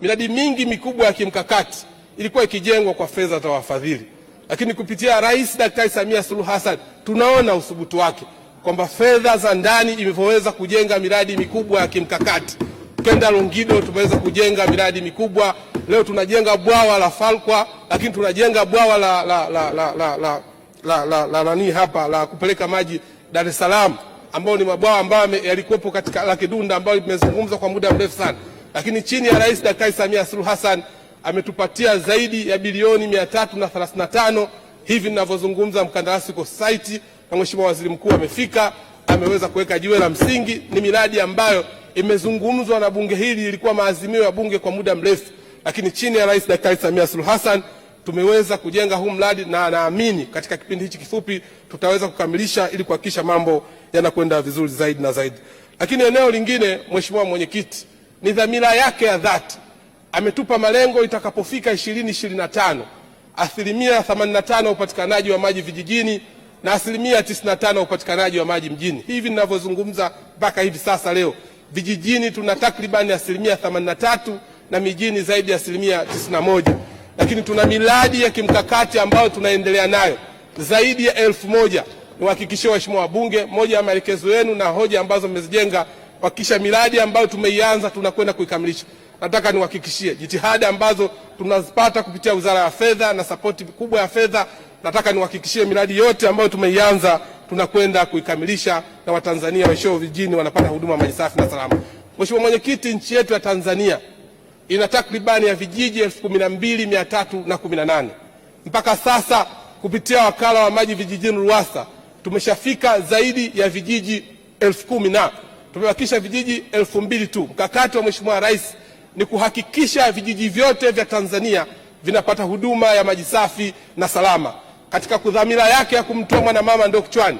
Miradi mingi mikubwa ya kimkakati ilikuwa ikijengwa kwa fedha za wafadhili, lakini kupitia Rais Daktari Samia Suluhu Hassan tunaona uthubutu wake kwamba fedha za ndani imevyoweza kujenga miradi mikubwa ya kimkakati. Twenda Longido tumeweza kujenga miradi mikubwa, leo tunajenga bwawa la Falkwa, lakini tunajenga bwawa la, la, la, la, la, la, la, la, la nani hapa la kupeleka maji Dar es Salaam, ambayo ni mabwawa ambayo yalikuwepo katika Lakidunda ambayo imezungumzwa kwa muda mrefu sana. Lakini chini ya Rais Daktari Samia Suluhu Hassan ametupatia zaidi ya bilioni mia tano hivi ninavyozungumza, mkandarasi kwa site na Mheshimiwa Waziri Mkuu amefika, ameweza kuweka jiwe la msingi. Ni miradi ambayo imezungumzwa na bunge hili, ilikuwa maazimio ya bunge kwa muda mrefu, lakini chini ya Rais Daktari Samia Suluhu Hassan tumeweza kujenga huu mradi na naamini katika kipindi hichi kifupi tutaweza kukamilisha ili kuhakikisha mambo yanakwenda vizuri zaidi na zaidi. Lakini eneo lingine, Mheshimiwa Mwenyekiti, ni dhamira yake ya dhati. Ametupa malengo itakapofika ishirini asilimia 85 ya upatikanaji wa maji vijijini na asilimia 95 ya upatikanaji wa maji mjini. Hivi ninavyozungumza mpaka hivi sasa leo, vijijini tuna takribani asilimia 83 na mijini zaidi ya asilimia 91, lakini tuna miradi ya kimkakati ambayo tunaendelea nayo zaidi ya elfu moja. Niwahakikishie waheshimiwa wabunge, moja ya maelekezo yenu na hoja ambazo mmezijenga kuhakikisha miradi ambayo tumeianza tunakwenda kuikamilisha. Nataka niwahakikishie jitihada ambazo tunazipata kupitia Wizara ya Fedha na sapoti kubwa ya fedha, nataka niwahakikishie miradi yote ambayo tumeianza tunakwenda kuikamilisha na Watanzania waishio vijijini wanapata huduma maji safi na salama. Mheshimiwa Mwenyekiti, nchi yetu ya Tanzania ina takribani ya vijiji elfu kumi na mbili mia tatu na kumi na nane mpaka sasa kupitia wakala wa maji vijijini RUWASA tumeshafika zaidi ya vijiji elfu kumi na tumebakisha vijiji elfu mbili tu. Mkakati wa Mheshimiwa Rais ni kuhakikisha vijiji vyote vya Tanzania vinapata huduma ya maji safi na salama. Katika kudhamira yake ya kumtoa mwanamama ndoo kichwani,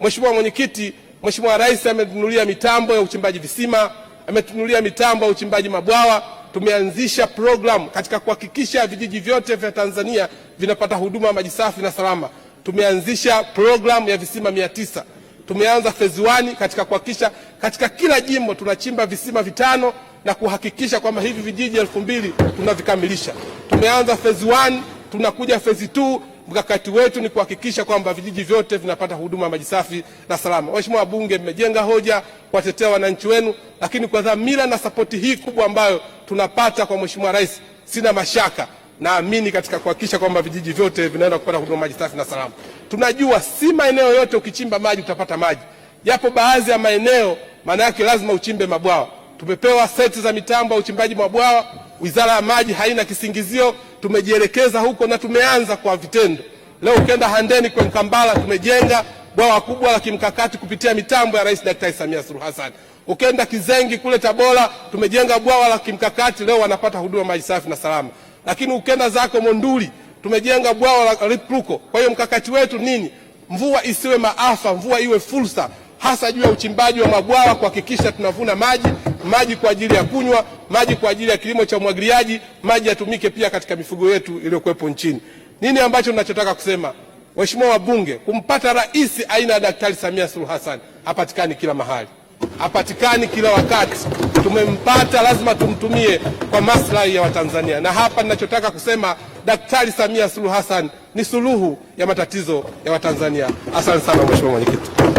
Mheshimiwa Mwenyekiti, Mheshimiwa Rais ametunulia mitambo ya uchimbaji visima, ametunulia mitambo ya uchimbaji mabwawa. Tumeanzisha programu katika kuhakikisha vijiji vyote vya Tanzania vinapata huduma ya maji safi na salama. Tumeanzisha programu ya visima mia tisa tumeanza phase 1 katika kuhakikisha katika kila jimbo tunachimba visima vitano na kuhakikisha kwamba hivi vijiji elfu mbili tunavikamilisha. Tumeanza phase 1, tunakuja phase 2. Mkakati wetu ni kuhakikisha kwamba vijiji vyote vinapata huduma ya maji safi na salama. Waheshimiwa wabunge, mmejenga hoja kuwatetea wananchi wenu, lakini kwa dhamira na sapoti hii kubwa ambayo tunapata kwa Mheshimiwa Rais, sina mashaka naamini katika kuhakikisha kwamba vijiji vyote vinaenda kupata huduma maji safi na salama. Tunajua si maeneo yote ukichimba maji utapata maji, yapo baadhi ya maeneo maana yake lazima uchimbe mabwawa. Tumepewa seti za mitambo ya uchimbaji mabwawa, wizara ya maji haina kisingizio, tumejielekeza huko na tumeanza kwa vitendo. Leo ukienda Handeni kwa Mkambala tumejenga bwawa kubwa la kimkakati kupitia mitambo ya Rais Daktari Samia Suluhu Hassan. Ukienda Kizengi kule Tabora tumejenga bwawa la kimkakati, leo wanapata huduma maji safi na salama lakini ukenda zako Monduli tumejenga bwawa la ripruko Kwa hiyo mkakati wetu nini? Mvua isiwe maafa, mvua iwe fursa, hasa juu ya uchimbaji wa mabwawa, kuhakikisha tunavuna maji, maji kwa ajili ya kunywa, maji kwa ajili ya kilimo cha umwagiliaji, maji yatumike pia katika mifugo yetu iliyokuwepo nchini. Nini ambacho ninachotaka kusema, waheshimiwa wabunge, kumpata rais aina ya Daktari Samia Suluhu Hassan hapatikani kila mahali hapatikani kila wakati. Tumempata, lazima tumtumie kwa maslahi ya Watanzania. Na hapa ninachotaka kusema, Daktari Samia Suluhu Hassan ni suluhu ya matatizo ya Watanzania. Asante sana Mheshimiwa Mwenyekiti.